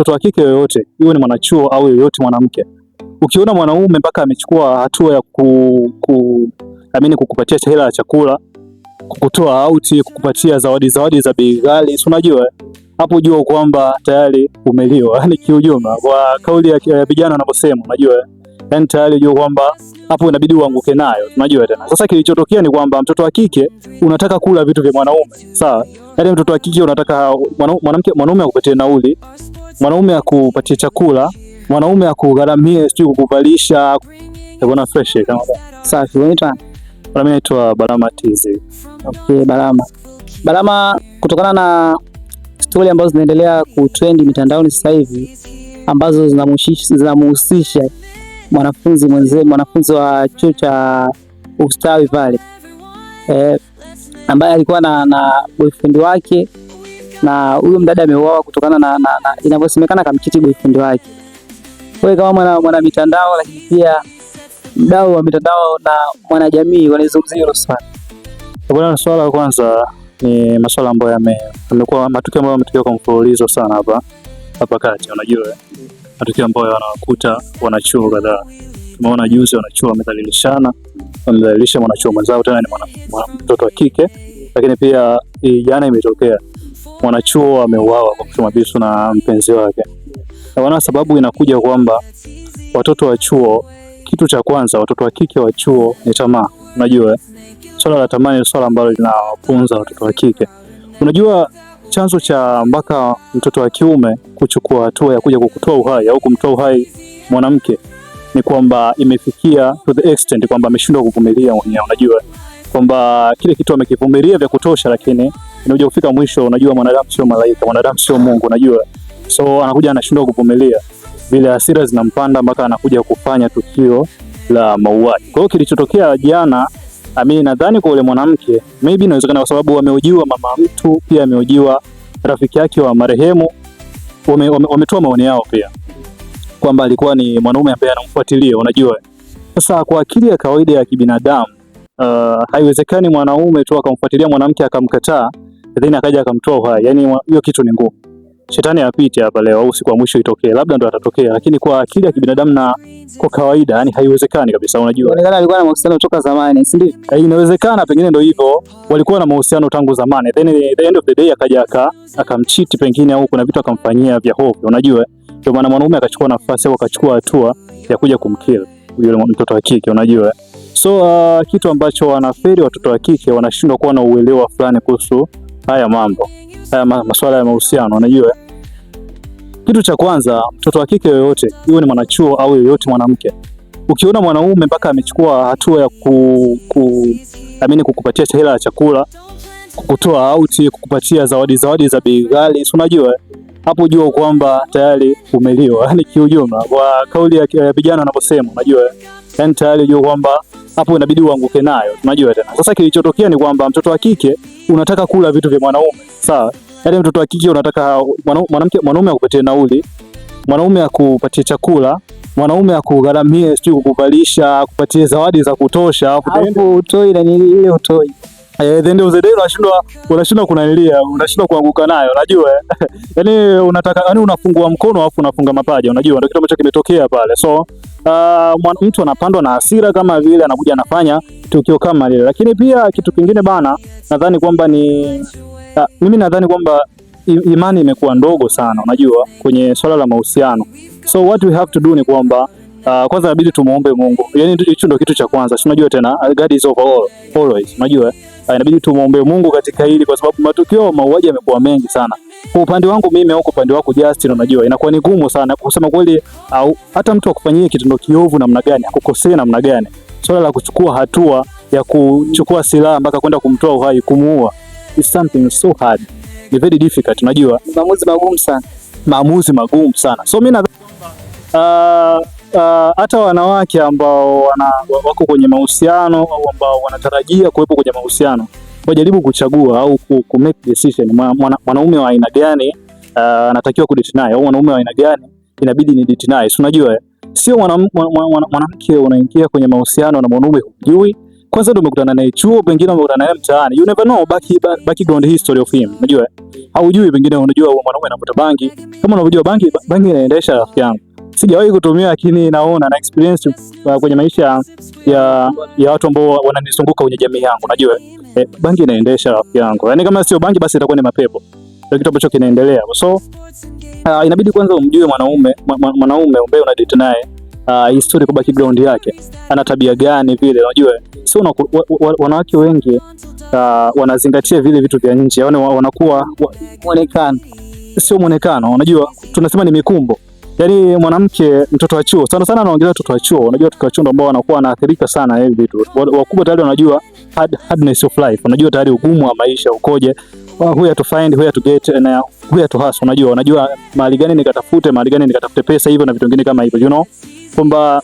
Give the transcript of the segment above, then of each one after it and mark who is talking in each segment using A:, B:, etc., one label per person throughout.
A: mtoto wa kike yoyote, iwe ni mwanachuo au yoyote mwanamke, ukiona mwanaume mpaka amechukua hatua ya ku, ku, amini kukupatia hela ya chakula, kukutoa auti, kukupatia zawadi zawadi za bei ghali, si unajua hapo, jua kwamba tayari umeliwa. Yani kiujuma kwa kauli ya vijana wanaposema, unajua yani tayari jua kwamba hapo inabidi uanguke nayo. Unajua tena sasa, kilichotokea ni kwamba mtoto wa kike unataka kula vitu vya mwanaume, sawa yaani mtoto wa kike unataka mwanamke, mwanaume akupatie nauli, mwanaume akupatie chakula, mwanaume akugharamie, sijui kukuvalisha. Bwana fresh kama
B: safi. Unaitwa
A: mimi naitwa Barama Tizi.
B: Okay, Barama. Barama, kutokana na stori ambazo zinaendelea kutrendi mitandaoni sasa hivi ambazo zinamhusisha mwanafunzi mwenzetu, mwanafunzi wa chuo cha ustawi pale eh, ambaye alikuwa na, na boyfriend wake na huyo mdada ameuawa kutokana na, na, na inavyosemekana kamchiti boyfriend wake. Wewe kama mwana, mwana mitandao lakini pia mdau wa mitandao na mwanajamii wanazungumzia hilo sana.
A: Kwa swala la kwanza ni masuala ambayo yamekuwa matukio ambayo yametokea kwa mfululizo sana hapa hapa kati, unajua matukio ambayo wanakuta wanachuo kadhaa Tumeona juzi wanachuo wamedhalilishana, wamedhalilisha mwanachuo mwenzao, tena ni mtoto wa kike. Lakini pia jana imetokea mwanachuo ameuawa kwa kuchoma visu na mpenzi wake. Wana sababu inakuja kwamba watoto wa chuo, kitu cha kwanza, watoto wa kike wa chuo ni tamaa. Unajua swala la tamaa ni swala ambalo linawapunza watoto wa kike. Unajua chanzo cha mpaka mtoto wa kiume kuchukua hatua ya kuja kukutoa uhai au kumtoa uhai mwanamke ni kwamba imefikia to the extent kwamba ameshindwa kuvumilia mwenyewe. Unajua kwamba kile kitu amekivumilia vya kutosha, lakini inakuja kufika mwisho. Unajua mwanadamu sio malaika, mwanadamu sio Mungu, unajua so anakuja anashindwa kuvumilia, vile hasira zinampanda mpaka anakuja kufanya tukio la mauaji. Kwa hiyo kilichotokea jana Amini, nadhani kwa ule mwanamke maybe inawezekana kwa sababu wameojiwa mama mtu, pia ameojiwa rafiki yake wa marehemu, wametoa maoni yao pia kwamba alikuwa ni mwanaume ambaye anamfuatilia, unajua. Sasa kwa akili ya kawaida ya kibinadamu uh, haiwezekani mwanaume tu akamfuatilia mwanamke akamkataa, then akaja akamtoa uhai. Yani hiyo kitu ni ngumu. Shetani apite hapa leo au siku ya mwisho itokee, labda ndo atatokea, lakini kwa akili ya kibinadamu na kwa kawaida, yani haiwezekani kabisa. Unajua,
B: inawezekana alikuwa na mahusiano toka zamani, si ndio?
A: Eh, inawezekana pengine ndo hivyo, walikuwa na mahusiano tangu zamani, then eh, the end of the day akaja akamchiti pengine, au kuna vitu akamfanyia vya hofu, unajua ndio maana mwanaume akachukua nafasi au akachukua hatua ya kuja kumkill yule mtoto wa kike, unajua. So uh, kitu ambacho wanaferi watoto wa kike wanashindwa kuwa na uelewa fulani kuhusu haya mambo haya masuala ya mahusiano, unajua. Kitu cha kwanza, mtoto wa kike yoyote, iwe ni mwanachuo au yoyote mwanamke, ukiona mwanaume mpaka amechukua hatua ya ku, ku, amini kukupatia hela ya chakula, kukutoa auti, kukupatia zawadi zawadi za bei ghali, unajua hapo jua kwamba tayari umeliwa. Yani kiujumla, kwa kauli ya vijana wanaposema, unajua yani tayari jua kwamba hapo inabidi uanguke nayo. Unajua tena sasa, kilichotokea ni kwamba mtoto wa kike unataka kula vitu vya mwanaume, sawa? Yani mtoto wa kike unataka mwanamke, mwanaume akupatie nauli, mwanaume akupatie chakula mwanaume akugharamie, sijui kukuvalisha, kupatie zawadi za kutosha,
B: alafu utoi na ile utoi
A: Eh, then of the unashindwa unashindwa kunanilia, unashindwa kuanguka nayo, unajua. Eh. Yaani unataka yaani unafungua mkono afu unafunga mapaja, unajua ndio kitu ambacho kimetokea pale. So uh, mtu anapandwa na hasira kama vile anakuja anafanya tukio kama lile. Lakini pia kitu kingine bana, nadhani kwamba ni uh, mimi nadhani kwamba imani imekuwa ndogo sana, unajua kwenye swala la mahusiano. So what we have to do ni kwamba Uh, kwanza inabidi tumuombe Mungu. Yaani hicho ndio kitu cha kwanza. Si Unajua tena God is over all, always. Unajua? Eh inabidi tumuombe Mungu katika hili, kwa sababu matukio ya mauaji yamekuwa mengi sana. Kwa upande wangu mimi au kwa upande wako Justin, unajua inakuwa ni ngumu sana kusema kweli, au hata mtu akufanyie kitendo kiovu namna gani, akukosea namna gani, swala la kuchukua hatua ya kuchukua silaha mpaka kwenda kumtoa uhai, kumuua is something so hard, ni very difficult. Unajua
B: maamuzi magumu sana,
A: maamuzi magumu sana. So mimi nadhani uh, Uh, hata uh, wanawake ambao wana, wako kwenye mahusiano au ambao wanatarajia kuwepo kwenye mahusiano wajaribu kuchagua au ku make decision mwanaume wa aina gani uh, anatakiwa uh, kudate naye au mwanaume wa aina gani inabidi ni date naye. Unajua sio mwanamke unaingia kwenye mahusiano na mwanaume hujui, kwanza ndio umekutana naye chuo, pengine umekutana naye mtaani, you never know back, back, background history of him. Unajua haujui, pengine unajua mwanaume anavuta bangi, kama unavyojua bangi bangi inaendesha rafiki yangu sijawahi kutumia, lakini naona na experience uh, kwenye maisha ya, ya watu ambao wananizunguka kwenye jamii yangu. Najua eh, bangi inaendesha rafiki yangu, yaani kama sio bangi basi itakuwa ni mapepo, ndio kitu ambacho kinaendelea. So uh, inabidi kwanza umjue mwanaume mwanaume ambaye una date naye Uh, history kwa background yake, ana tabia gani vile. Unajua sio wa, wa, wanawake wengi uh, wanazingatia vile vitu vya nje, yaani wanakuwa wa, muonekano, sio muonekano. Unajua tunasema ni mikumbo yani mwanamke mtoto wa chuo sana sana anaongelea mtoto wa chuo. Unajua mtoto wa chuo ndio ambao wanakuwa wanaathirika sana hivi vitu. Wakubwa tayari wanajua hard, hardness of life. Unajua tayari ugumu wa maisha ukoje. Where to find, where to get na where to hustle. Unajua unajua mahali gani nikatafute, mahali gani nikatafute pesa hivyo na vitu vingine kama hivyo, you know. Kwamba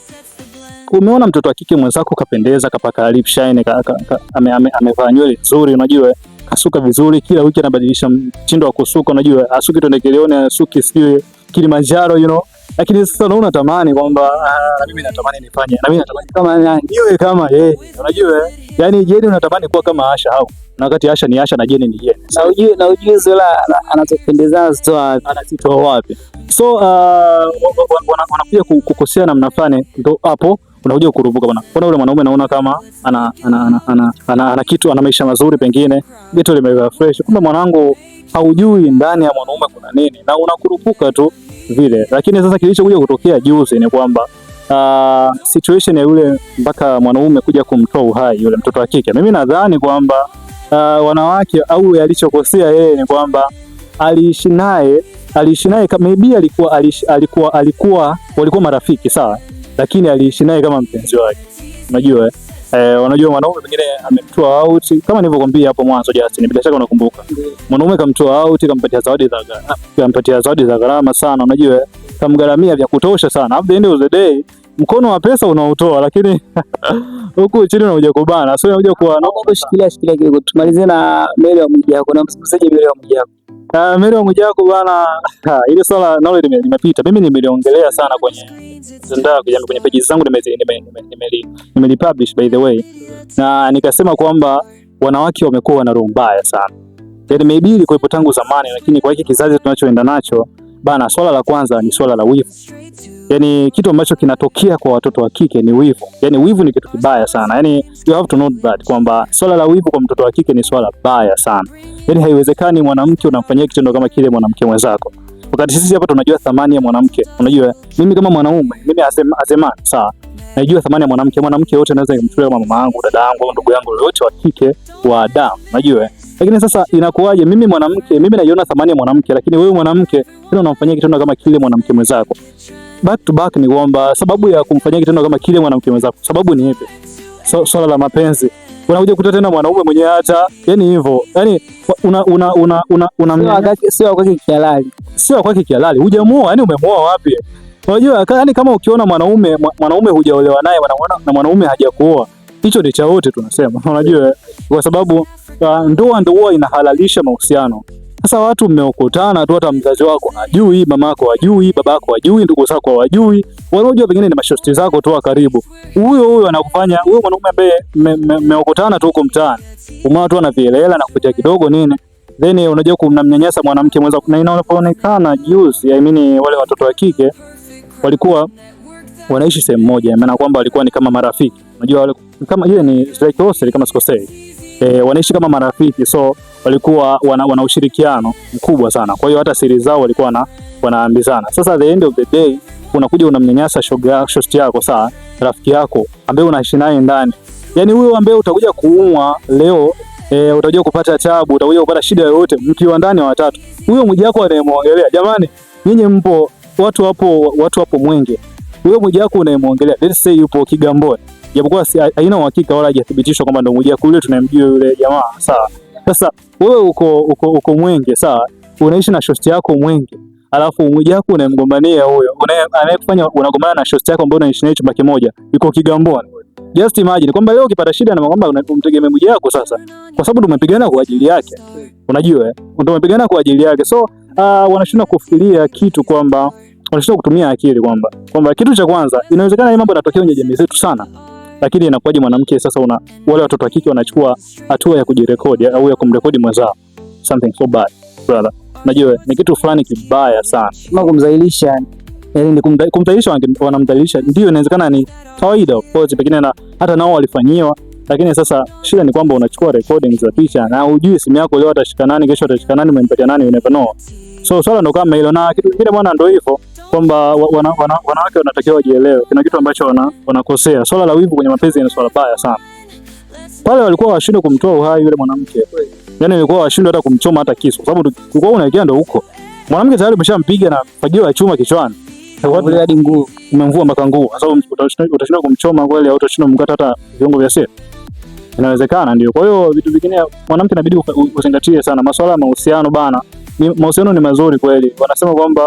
A: umeona mtoto wa kike mwenzako kapendeza, kapaka lip shine, ka, ka, ka, amevaa ame, ame nywele nzuri, unajua kasuka vizuri, kila wiki anabadilisha mtindo wa kusuka, unajua asuki tondekeleone, asuki sijui Kilimanjaro, you know. Lakini sasa naona natamani kwamba na ah, mimi natamani nifanye, na mimi natamani kama yani iwe kama yeye, unajua eh? yani Jeni unatamani kuwa kama Asha au na wakati Asha ni Asha na Jeni ni Jeni.
B: Na ujue na ujue Zola anatupendeza zoa anatitoa wapi?
A: So ah, wanakuja kukosea namna fulani, ndo hapo unakuja kukurupuka bwana. Kuna yule mwanaume naona kama ana ana ana, ana, ana, ana kitu ana maisha mazuri, pengine geto limeiva fresh, kumbe mwanangu haujui ndani ya mwanaume kuna nini, na unakurupuka tu vile. Lakini sasa kilichokuja kutokea juzi ni kwamba uh, situation ya yule mpaka mwanaume kuja kumtoa uhai yule mtoto wa kike, mimi nadhani kwamba uh, wanawake au alichokosea yeye ni kwamba aliishi naye aliishi naye maybe alikuwa alikuwa alikuwa, walikuwa marafiki sawa, lakini aliishi naye kama mpenzi wake, unajua eh? Eh, wanajua mwanaume pengine amemtoa out kama nilivyokuambia hapo mwanzo Justin, bila shaka unakumbuka. Mwanaume kamtoa out, kampatia zawadi za kampatia zawadi za gharama sana, unajua eh? kamgharamia vya kutosha sana. At the end of the day mkono wa pesa unaotoa, lakini huku chini unakuja kubana, sio unakuja kwa
B: naomba shikilia shikilia kidogo, tumalizie na meli wa Mwijako, na msikilizaji meli wa Mwijako.
A: Ah, meli wa Mwijako bana, ile swala nalo limepita, mimi nimeliongelea sana kwenye mtandao kwenye page zangu, nimelipublish by the way, na nikasema kwamba wanawake wamekuwa na roho mbaya sana, Then yaani maybe ilikuwepo tangu zamani, lakini kwa hiki kizazi tunachoenda nacho bana, swala la kwanza ni swala la wivu yani kitu ambacho kinatokea kwa watoto wa kike ni wivu. Yani wivu ni kitu kibaya sana, yani you have to know that kwamba swala la wivu kwa mtoto wa kike ni swala baya sana. Yani haiwezekani mwanamke unamfanyia kitendo kama kile mwanamke mwenzako, wakati sisi hapa tunajua thamani ya mwanamke. Unajua mimi kama mwanaume mimi asema asema sawa, najua thamani ya mwanamke. Mwanamke yote naweza kumchukulia mama yangu, dada yangu, ndugu yangu yote wa kike wa damu, unajua lakini sasa inakuwaje? Mimi mwanamke, mimi naiona thamani ya mwanamke, lakini wewe mwanamke unamfanyia kitendo kama kile mwanamke mwenzako back to back ni kwamba sababu ya kumfanyia kitendo kama kile mwanamke mwenzako, sababu ni ipi? So, swala la mapenzi unakuja kuta tena mwanaume mwenye hata yani hivyo yani una una una una
B: una sio kwake kihalali,
A: sio kwake kihalali, hujamuoa yani umemuoa wapi? Unajua yani kama ukiona mwanaume mwanaume hujaolewa naye na mwanaume hajakuoa hicho ni cha wote tunasema, unajua kwa sababu uh, ndoa ndoa inahalalisha mahusiano. Sasa watu mmeokotana tu, hata mzazi wako hajui, mama yako hajui, baba yako hajui, ndugu zako hawajui. Wanaojua pengine ni mashosti zako tu wa karibu. Huyo huyo anakufanya huyo mwanaume ambaye mmeokotana tu huko mtaani, umeona tu ana na kuja kidogo nini, then unajua kumnyanyasa mwanamke mwenza. Kuna inaonekana juzi, I mean, wale watoto wa kike walikuwa wanaishi sehemu moja, maana kwamba walikuwa ni kama marafiki. Unajua wale kama ile ni strike hostel kama sikosei, eh, wanaishi kama marafiki so walikuwa wana, wana ushirikiano mkubwa sana, kwa hiyo hata siri zao walikuwa wana, wanaambizana. Sasa the end of the day unakuja unamnyanyasa shoga shosti yako saa rafiki yako ambaye unaishi naye ndani, yaani huyo ambaye utakuja kuumwa leo e, eh, utakuja kupata tabu, utakuja kupata shida yoyote mkiwa ndani wa watatu, huyo mmoja wako anayemwongelea, jamani, nyinyi mpo watu wapo, watu wapo Mwenge, huyo mmoja wako unayemwongelea, let's say yupo Kigamboni, japokuwa haina uhakika wala hajathibitishwa kwamba ndio mmoja wako yule, tunayemjua yule jamaa sawa sasa wewe uko uko, uko Mwenge sawa, unaishi na shosti yako Mwenge, alafu mmoja wako unamgombania huyo anayekufanya unagombana na shosti yako ambaye unaishi naye chumba kimoja, yuko Kigamboni. Just imagine kwamba leo ukipata shida na kwamba unamtegemea mmoja wako sasa, kwa sababu tumepigana kwa ajili yake, unajua eh, ndio tumepigana kwa ajili yake, so uh, wanashindwa kufikiria kitu kwamba wanashindwa kutumia akili kwamba kwamba kitu cha kwanza inawezekana hii mambo yanatokea kwenye jamii zetu sana lakini inakuwaje mwanamke sasa una, wale watoto wa kike wanachukua hatua ya kujirekodi au ya kumrekodi mwenzao. Something so bad brother. Najua ni kitu fulani kibaya sana.
B: Kama kumdhalilisha yaani ni kumdhalilisha, wanamdhalilisha. Ndio inawezekana ni kawaida of course, pengine na hata nao walifanyiwa, lakini sasa shida ni kwamba unachukua recordings za picha na hujui simu yako leo atashika nani, kesho atashika nani, umempatia nani, you never know. So swala ndo kama hilo, na kitu kingine bwana, ndo hivyo kwamba wanawake wana, wana wanatakiwa wajielewe. Kuna kitu ambacho wanakosea wana swala la wivu kwenye mapenzi ni swala baya sana. Pale walikuwa washindwe kumtoa uhai yule mwanamke, yani walikuwa washindwe hata kumchoma hata kisu, kwa sababu kulikuwa unaelekea ndo huko mwanamke tayari umeshampiga na fagio ya chuma kichwani hadi nguo
A: umemvua mpaka nguo, kwa sababu utashindwa kumchoma kweli au utashindwa kumkata hata viungo vya siri, inawezekana ndio. Kwa hiyo vitu vingine mwanamke inabidi uzingatie sana masuala ya mahusiano bana. Mahusiano ni mazuri kweli, wanasema kwamba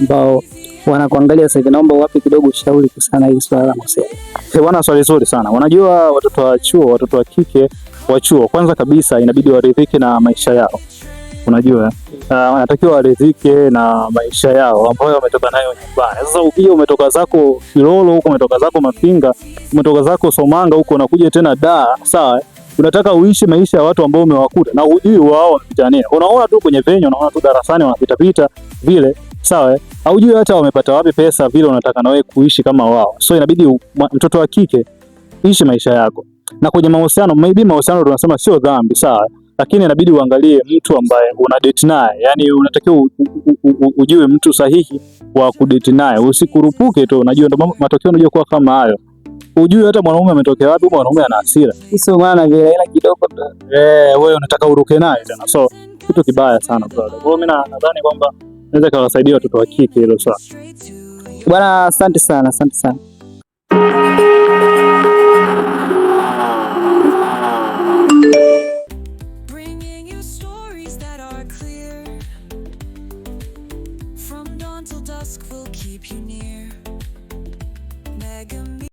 B: ambao wanakuangalia sasa hivi, naomba wapi kidogo ushauri kusana hili swala la masela.
A: Eh, bwana, swali zuri sana. Unajua watoto wa chuo, watoto wa kike wa chuo, kwanza kabisa inabidi waridhike na maisha yao. Unajua ah, wanatakiwa uh, waridhike na maisha yao ambayo wametoka nayo nyumbani. Sasa ukija umetoka zako Kilolo huko, umetoka zako Mafinga, umetoka zako Somanga huko, unakuja tena da, sawa unataka uishi maisha ya watu ambao umewakuta na hujui wao wamepita nini. Unaona tu kwenye venye, unaona tu darasani wanapita pita vile, sawa, eh? haujui hata wamepata wapi pesa, vile unataka na wewe kuishi kama wao. So inabidi mtoto wa kike ishi maisha yako, na kwenye mahusiano, maybe mahusiano tunasema sio dhambi, sawa, lakini inabidi uangalie mtu ambaye una date naye, yani unatakiwa ujue mtu sahihi wa kudate naye, usikurupuke tu. Unajua ndo matokeo unajua kuwa kama hayo Ujui hata mwanaume ametokea wapi, mwanaume ana hasira
B: sio maana vile, ila kidogo tu
A: eh, wewe unataka uruke naye tena, so kitu kibaya sana brother. Kwa hiyo mimi nadhani kwamba naweza kawasaidia watoto wa kike hilo swala.
B: Bwana, asante sana, asante sana.